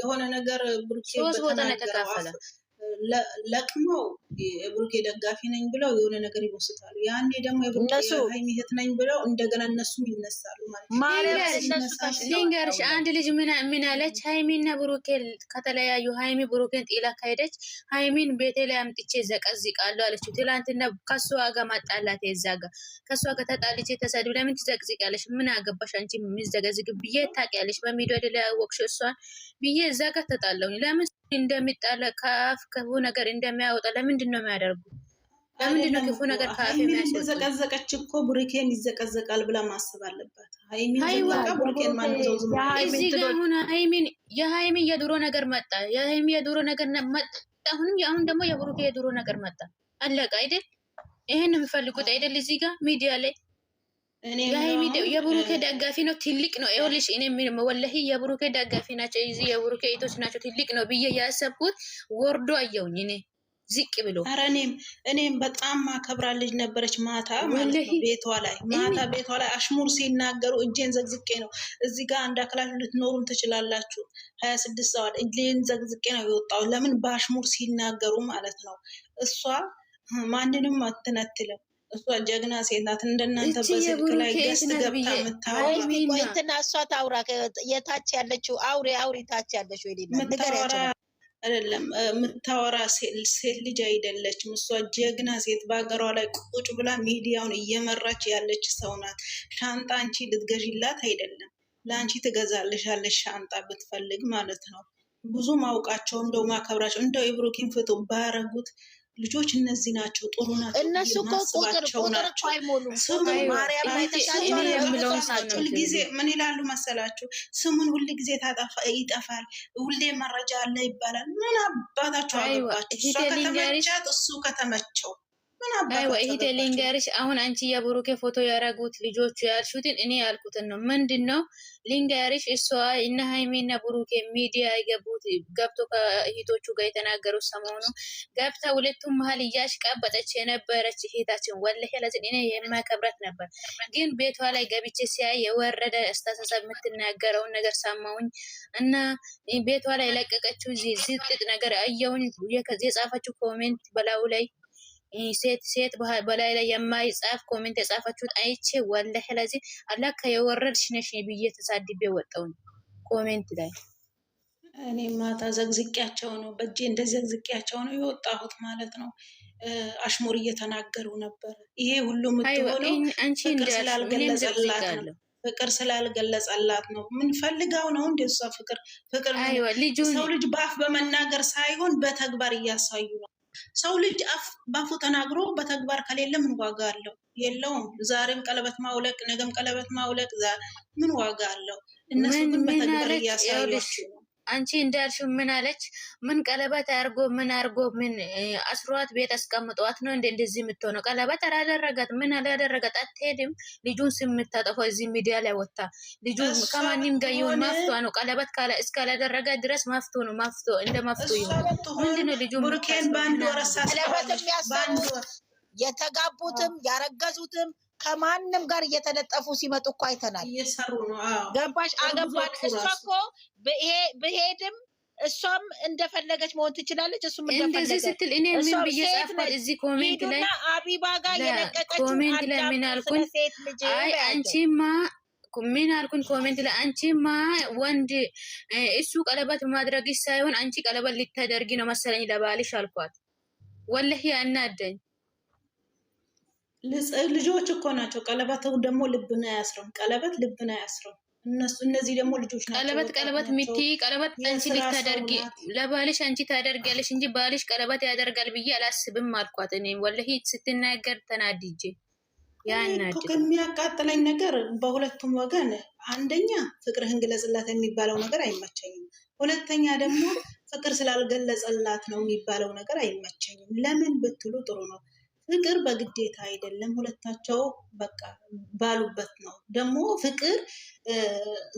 የሆነ ነገር ሶስት ቦታ ነው የተካፈለ ለቅመው የብሩኬ ደጋፊ ነኝ ብለው የሆነ ነገር ይወስታሉ። ያኔ ደግሞ የብሩኬ እህት ነኝ ብለው እንደገና እነሱም ይነሳሉ ማለት ልንገርሽ፣ አንድ ልጅ ምን አለች? ሀይሚና ብሩኬ ከተለያዩ ሀይሚ ብሩኬን ጥላ ካሄደች ሀይሚን ቤቴ ላይ አምጥቼ ዘቀዝቃለሁ አለችው። ትላንትና ከሱ ዋጋ ማጣላት የዛጋ ከሷ ጋር ተጣልቼ ተሰድብ ለምን ትዘቅዝቃለሽ? ምን አገባሽ አንቺ የሚዘገዝግ ብዬ ታውቂያለሽ በሚዲያ ላይ ያወቅሽ እሷን ብዬ እዛ ጋር ተጣለውኝ ለምን እንደሚጣለ ከአፍ ክፉ ነገር እንደሚያወጣ ለምንድን ነው የሚያደርጉ? ለምንድን ነው ክፉ ነገር ከአፍ የሚያስወጡ? ዘቀዘቀች እኮ ቡሪኬን ይዘቀዘቃል ብላ ማሰብ አለባት። እዚህ ጋ አሁን ሀይሚን የሀይሚን የድሮ ነገር መጣ። የሃይሚ የድሮ ነገር መጣ። አሁንም አሁን ደግሞ የቡሩኬ የድሮ ነገር መጣ። አለቀ አይደል? ይሄን የሚፈልጉት አይደል? እዚህ ጋር ሚዲያ ላይ የብሩኬ ደጋፊ ነው። ትልቅ ነው። ይኸውልሽ እኔ ወላሂ የብሩኬ ደጋፊ ናቸው። እዚ የብሩኬ ኢቶች ናቸው። ትልቅ ነው ብዬ ያሰብኩት ወርዶ አየውኝ እኔ ዝቅ ብሎ። ኧረ እኔም እኔም በጣም ማከብራ ልጅ ነበረች። ማታ ቤቷ ላይ ማታ ቤቷ ላይ አሽሙር ሲናገሩ እጄን ዘግዝቄ ነው። እዚ ጋር አንድ ልትኖሩም ትችላላችሁ። ሀያ ስድስት ሰዋል እጄን ዘግዝቄ ነው የወጣው። ለምን በአሽሙር ሲናገሩ ማለት ነው። እሷ ማንንም አትነትልም እሷ ጀግና ሴት ናት። እንደናንተ በስልክ ላይ ገስ ገብታ ምታወራ እንትና እሷ ታውራ። የታች ያለችው አውሬ አውሬ ታች ያለችው ምታወራ አይደለም የምታወራ ሴት ልጅ አይደለችም። እሷ ጀግና ሴት በሀገሯ ላይ ቁጭ ብላ ሚዲያውን እየመራች ያለች ሰው ናት። ሻንጣ አንቺ ልትገዥላት አይደለም፣ ለአንቺ ትገዛልሻለች ሻንጣ ብትፈልግ ማለት ነው። ብዙ ማውቃቸው እንደው ማከብራቸው እንደው የብሩኪን ፍቱ ባረጉት ልጆች እነዚህ ናቸው፣ ጥሩ ናቸው። እነሱ ስሙን ማርያም ሁልጊዜ ምን ይላሉ መሰላችሁ? ስሙን ሁል ጊዜ ይጠፋል፣ ሁሌ መረጃ አለ ይባላል። ምን አባታቸው አገባቸው? እሷ ከተመቻት እሱ ከተመቸው ይሄ ሊንገርሽ አሁን አንቺ የብሩኬ ፎቶ ያረጉት ልጆቹ ያልሹትን እኔ ያልኩትን ነው። ምንድን ነው ሊንገርሽ፣ እሷ እነ ሃይሜና ብሩኬ ሚዲያ የገቡት ገብቶ ከእህቶቹ ጋር የተናገሩ ሰሞኑ ገብታ ሁለቱም መሀል እያሽቃበጠች የነበረች እህታችን ወላሂ እኔ የማከብረት ነበር። ግን ቤቷ ላይ ገብቼ ሲያይ የወረደ አስተሳሰብ የምትናገረውን ነገር ሰማሁኝ እና ቤቷ ላይ ለቀቀችው ዝጥጥ ነገር አየሁኝ። የጻፈችው ኮሜንት በላዩ ላይ ሴት ሴት በላይ ላይ የማይጻፍ ኮሜንት የጻፈችሁት አይቼ ወላሂ ለዚ አላካ የወረድሽ ነሽ ብዬ ተሳድቤ ወጣሁኝ። ኮሜንት ላይ እኔ ማታ ዘግዝቄያቸው ነው፣ በእጄ እንደ ዘግዝቄያቸው ነው የወጣሁት ማለት ነው። አሽሙር እየተናገሩ ነበር። ይሄ ሁሉ የምትሆነው ፍቅር ስላልገለጸላት ነው። ፍቅር ነው። ምን ፈልጋው ነው እንደ እሷ ፍቅር ፍቅር ሰው ልጅ በአፍ በመናገር ሳይሆን በተግባር እያሳዩ ነው። ሰው ልጅ ባፉ ተናግሮ በተግባር ከሌለ ምን ዋጋ አለው? የለውም። ዛሬም ቀለበት ማውለቅ፣ ነገም ቀለበት ማውለቅ ምን ዋጋ አለው? እነሱ ግን በተግባር እያሳያችሁ ነው። አንቺ እንዳልሽው ምን አለች? ምን ቀለበት አርጎ ምን አርጎ ምን አስሯት ቤት አስቀምጧት ነው እንዴ እንደዚህ የምትሆነው? ቀለበት አላደረጋት ምን አላደረጋት አትሄድም። ልጁን ስምታጠፎ እዚህ ሚዲያ ላይ ወታ ልጁ ከማንም ጋር ይሁን ማፍቶ ነው። ቀለበት እስካላደረገ ድረስ ማፍቶ ነው። ማፍቶ እንደ ማፍቶ ይሁን ምንድነው? ልጁ ቀለበት የሚያሳንዱ የተጋቡትም ያረገዙትም ከማንም ጋር እየተለጠፉ ሲመጡ እኮ አይተናል። ገባሽ አገባን። እሷ እኮ ብሄድም እሷም እንደፈለገች መሆን ትችላለች። እሱም እንደዚህ ስትል እኔ ምን ብዬ ጻፍኩት እዚህ ኮሜንት ላይ አቢባ ጋር የለቀቀችው ኮሜንት ላይ ምን አልኩኝ? አይ አንቺማ ምን አልኩኝ ኮሜንት ላይ አንቺማ ወንድ እሱ ቀለበት ማድረግሽ ሳይሆን አንቺ ቀለበት ልታደርጊ ነው መሰለኝ ለባልሽ አልኳት። ወለህ ያናደኝ ልጆች እኮ ናቸው። ቀለበት ደግሞ ልብን አያስርም። ቀለበት ልብን አያስርም። እነሱ እነዚህ ደግሞ ልጆች ናቸው። ቀለበት ቀለበት ሚቲ ቀለበት አንቺ ታደርጊ ለባልሽ አንቺ ታደርጊያለሽ እንጂ ባልሽ ቀለበት ያደርጋል ብዬ አላስብም አልኳት። እኔ ወላሂ ስትናገር ተናድጄ ያናድ ነገር በሁለቱም ወገን አንደኛ ፍቅርህን ግለጽላት የሚባለው ነገር አይመቸኝም። ሁለተኛ ደግሞ ፍቅር ስላልገለጸላት ነው የሚባለው ነገር አይመቸኝም። ለምን ብትሉ ጥሩ ነው ፍቅር በግዴታ አይደለም። ሁለታቸው በቃ ባሉበት ነው። ደግሞ ፍቅር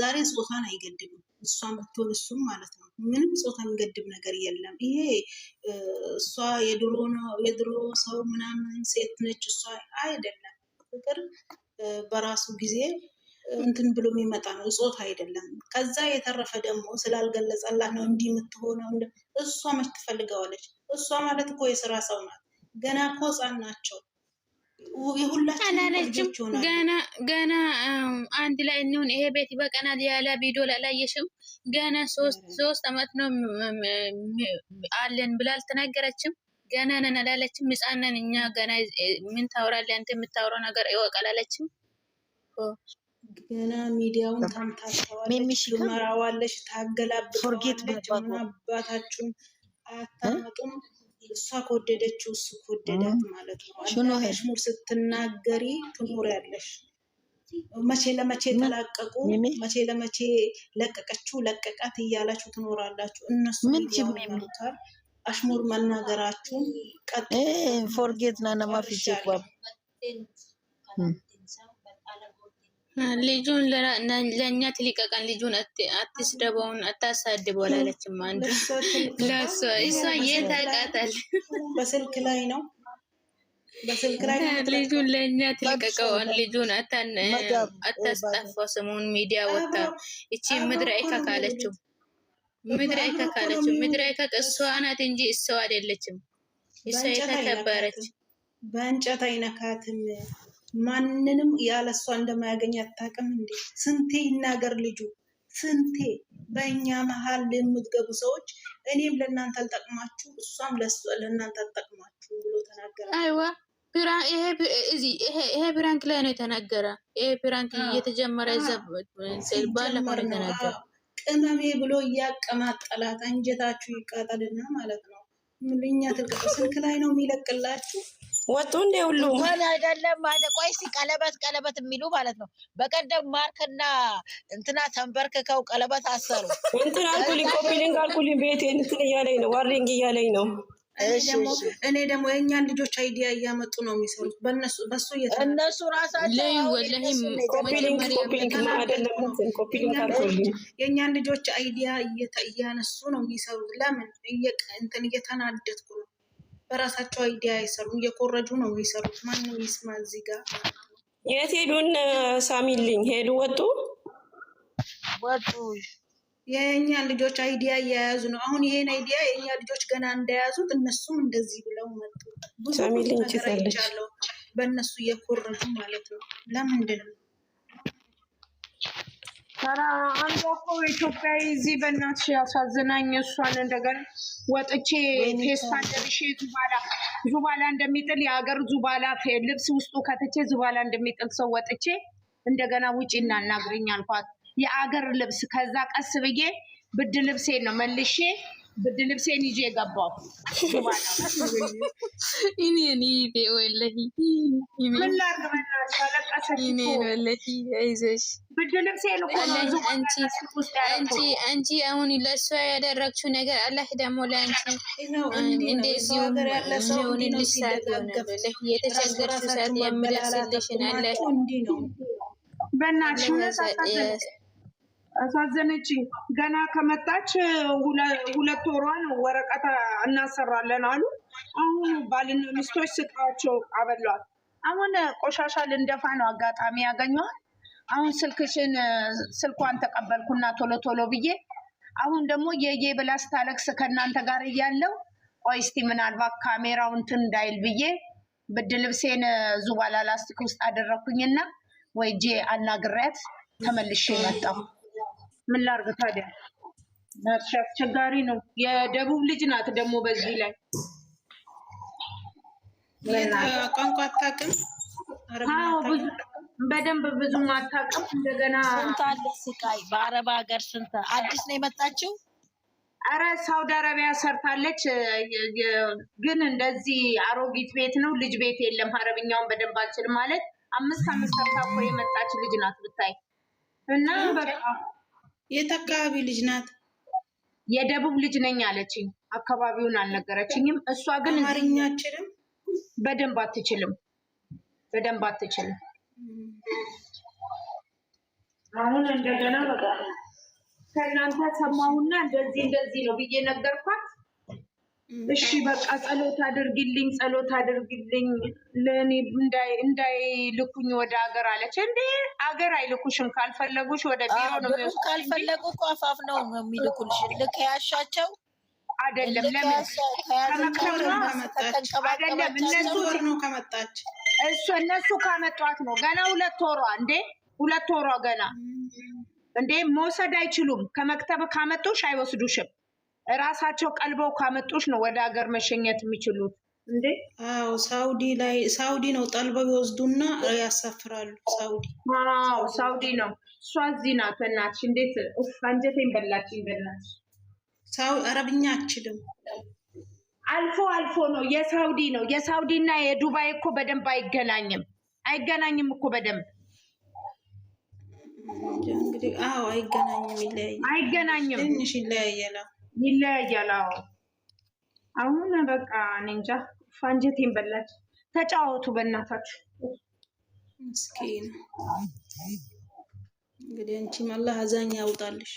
ዛሬ ጾታን አይገድብም። እሷ ብትሆን እሱም ማለት ነው። ምንም ጾታ የሚገድብ ነገር የለም። ይሄ እሷ የድሮ ነው የድሮ ሰው ምናምን ሴት ነች እሷ አይደለም። ፍቅር በራሱ ጊዜ እንትን ብሎ የሚመጣ ነው። ጾታ አይደለም። ከዛ የተረፈ ደግሞ ስላልገለጸላት ነው እንዲህ የምትሆነው። እሷ መች ትፈልገዋለች? እሷ ማለት እኮ የስራ ሰው ናት። ገና እኮ ህጻን ናቸው። የሁላችንም ገና ገና አንድ ላይ እንሁን፣ ይሄ ቤት ያለ ቪዲዮ ላላየሽም ገና ሶስት አመት ነው አለን ብላ አልተናገረችም። ገና ነን አላለችም። ነን እኛ ገና ምን ታወራለህ አንተ የምታወራው ነገር ይወቅ አላለችም። ገና ሚዲያውን ትመራዋለች፣ ታገላብጠዋለች። አታመጡም እሷ ከወደደችው እሱ ከወደዳት ማለት ነው። አሽሙር ስትናገሪ ያለሽ መቼ ለመቼ ተላቀቁ፣ መቼ ለመቼ ለቀቀችው፣ ለቀቃት እያላችሁ ትኖራላችሁ። እነሱ ያምኑታል። አሽሙር መናገራችሁን ቀጥ ፎርጌት ናነማፊ ልጁን ለእኛ ትልቀቀን፣ ልጁን አትስደበውን፣ አታሳድበው አላለችም። አንድ ለእሷ እሷ የት አውቃታል? በስልክ ላይ ነው። ልጁን ለእኛ ትልቀቀውን፣ ልጁን አታስጠፋው። ስሙን ሚዲያ ወጣ። እቺ ምድረ አይካ ካለችው ምድረ አይካ ካለችው ምድረ አይካ እሷ ናት እንጂ እሷ አይደለችም። እሷ የተከበረች በእንጨት አይነካትም። ማንንም ያለ እሷ እንደማያገኝ አታውቅም እንዴ? ስንቴ ይናገር ልጁ ስንቴ። በእኛ መሀል የምትገቡ ሰዎች እኔም ለእናንተ አልጠቅማችሁ፣ እሷም ለእናንተ አልጠቅማችሁ ብሎ ተናገረ። አይዋ ይሄ ብራንክ ላይ ነው የተነገረ። ይሄ ብራንክ እየተጀመረ ባለፈው ተናገረ። ቅመሜ ብሎ እያቀማጠላት አንጀታችሁ ይቃጠልና ማለት ነው። ምንኛ ትልቅ ስልክ ላይ ነው የሚለቅላችሁ ወጡ እንደ ሁሉ እንኳን አይደለም ማለት ቆይ እስኪ ቀለበት ቀለበት የሚሉ ማለት ነው። በቀደም ማርክና እንትና ተንበርክከው ቀለበት አሰሩ። እንትን አልኩልኝ፣ ኮፒሊንግ አልኩልኝ። ቤት እንትን እያለኝ ነው፣ ዋሪንግ እያለኝ ነው። እኔ ደግሞ የእኛን ልጆች አይዲያ እያመጡ ነው የሚሰሩት። በእነሱ በሱ እነሱ ራሳቸው የእኛን ልጆች አይዲያ እያነሱ ነው የሚሰሩት። ለምን እንትን እየተናደድኩ ነው በራሳቸው አይዲያ አይሰሩም። እየኮረጁ ነው የሚሰሩት። ነው ይስማ? እዚህ ጋር የት ሄዱን? ሳሚልኝ ሄዱ ወጡ ወጡ። የእኛ ልጆች አይዲያ እየያዙ ነው። አሁን ይሄን አይዲያ የእኛ ልጆች ገና እንደያዙት እነሱም እንደዚህ ብለው መጡ። ሳሚልኝ ይቻለው በእነሱ እየኮረጁ ማለት ነው። ለምንድን ነው አንዷ እኮ ኢትዮጵያ እዚህ በእናትሽ ያሳዝናኝ። እሷን እንደገና ወጥቼ ፌስታል ለብሼ ዙባላ ዙባላ እንደሚጥል የሀገር ዙባላ ልብስ ውስጡ ከትቼ ዙባላ እንደሚጥል ሰው ወጥቼ እንደገና ውጪ እናናግረኝ አልኳት። የአገር ልብስ ከዛ ቀስ ብዬ ብድ ልብሴ ነው መልሼ ብርድ ልብሴን ይዤ የገባው እኔ አንቺ አሁን ለእሷ ያደረግችው ነገር አላህ ደግሞ ለአንቺ እንደዚሁ አሳዘነችኝ። ገና ከመጣች ሁለት ወሯ ነው። ወረቀት እናሰራለን አሉ። አሁን ባልና ሚስቶች ስጥራቸው አበሏል። አሁን ቆሻሻ ልንደፋ ነው። አጋጣሚ ያገኘዋል። አሁን ስልክሽን ስልኳን ተቀበልኩና ቶሎ ቶሎ ብዬ አሁን ደግሞ የዬ ብላ ስታለቅስ ከእናንተ ጋር እያለው ቆይ እስቲ ምናልባት ካሜራው እንትን እንዳይል ብዬ ብድ ልብሴን ዙባላ ላስቲክ ውስጥ አደረግኩኝና ወይ እጄ አናግሬያት ተመልሼ መጣሁ። ምን ላርግ ታዲያ? ናትሽ አስቸጋሪ ነው። የደቡብ ልጅ ናት ደግሞ በዚህ ላይ ቋንቋ አታውቅም። በደንብ ብዙ አታውቅም። እንደገና ስንት አለ ስቃይ በአረብ ሀገር ስንት አዲስ ነው የመጣችው። አረ ሳውዲ አረቢያ ሰርታለች፣ ግን እንደዚህ አሮጊት ቤት ነው ልጅ ቤት የለም። አረብኛውን በደንብ አልችልም ማለት አምስት አምስት ሰርታ እኮ የመጣች ልጅ ናት ብታይ እና በቃ የት አካባቢ ልጅ ናት? የደቡብ ልጅ ነኝ አለችኝ። አካባቢውን አልነገረችኝም። እሷ ግን አማርኛ አትችልም፣ በደንብ አትችልም፣ በደንብ አትችልም። አሁን እንደገና በቃ ከእናንተ ሰማሁና እንደዚህ እንደዚህ ነው ብዬ ነገርኳት። እሺ በቃ ጸሎት አድርግልኝ፣ ጸሎት አድርግልኝ ለእኔ እንዳይልኩኝ ወደ ሀገር አለች። እንዴ ሀገር አይልኩሽም። ካልፈለጉሽ ወደ ቢሮ ነው የሚወስድ። ካልፈለጉ እኮ አፋፍ ነው የሚልኩልሽ። ልክ ያሻቸው አይደለም። ለምን አይደለም? እነሱ ነው ከመጣች እሱ እነሱ ካመጧት ነው። ገና ሁለት ወሯ እንዴ ሁለት ወሯ ገና እንዴ መውሰድ አይችሉም። ከመክተብ ካመጡሽ አይወስዱሽም። እራሳቸው ቀልበው ካመጡሽ ነው ወደ ሀገር መሸኘት የሚችሉት። እንዴ አዎ፣ ሳውዲ ላይ ሳውዲ ነው ጠልበው ይወስዱና ያሳፍራሉ። ሳውዲ አዎ፣ ሳውዲ ነው። እሷ እዚህ ናት። እናትሽ እንዴት አንጀቴን በላችኝ። በላች ሳው አረብኛ አችልም። አልፎ አልፎ ነው የሳውዲ ነው። የሳውዲ እና የዱባይ እኮ በደንብ አይገናኝም፣ አይገናኝም እኮ በደንብ አይገናኝም፣ ይለያያል። አይገናኝም፣ ትንሽ ይለያያል። ይለያያል። አዎ አሁን በቃ እኔ እንጃ ፋንጀቴን በላች። ተጫወቱ በእናታችሁ። ምስኪን እንግዲህ አንቺም አላህ አዛኝ ያውጣልሽ፣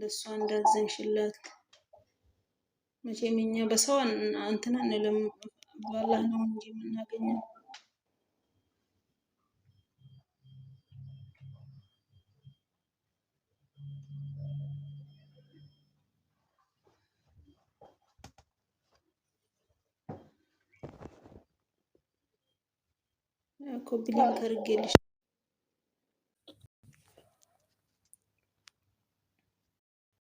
ለእሷ እንዳዘንሽላት። መቼም እኛ በሰው እንትን አንልም፣ በአላህ ነው እንጂ የምናገኘው። ኮፒ ሊንክ አድርጌልሽ